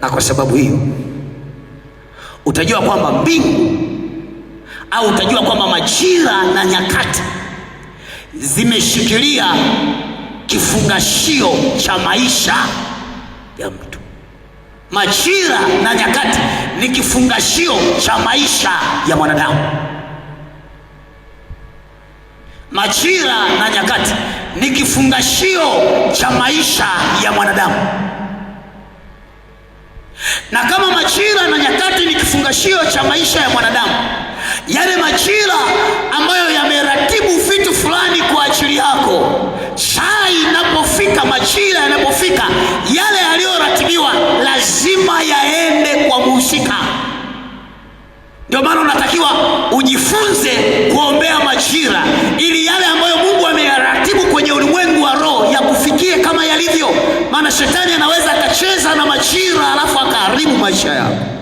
na kwa sababu hiyo utajua kwamba mbingu au utajua kwamba majira na nyakati zimeshikilia kifungashio cha maisha ya mtu. Majira na nyakati ni kifungashio cha maisha ya mwanadamu. Majira na nyakati ni kifungashio cha maisha ya mwanadamu na kama majira na nyakati ni kifungashio cha maisha ya mwanadamu, yale majira ambayo yameratibu vitu fulani kwa ajili yako, saa inapofika, majira yanapofika, yale yaliyoratibiwa lazima yaende kwa muhusika. Ndio maana unatakiwa ujifunze kuombea majira, ili yale ambayo Mungu ameyaratibu kwenye ulimwengu wa roho yakufikie kama yalivyo, maana shetani cheza na majira, alafu akaharibu maisha yako.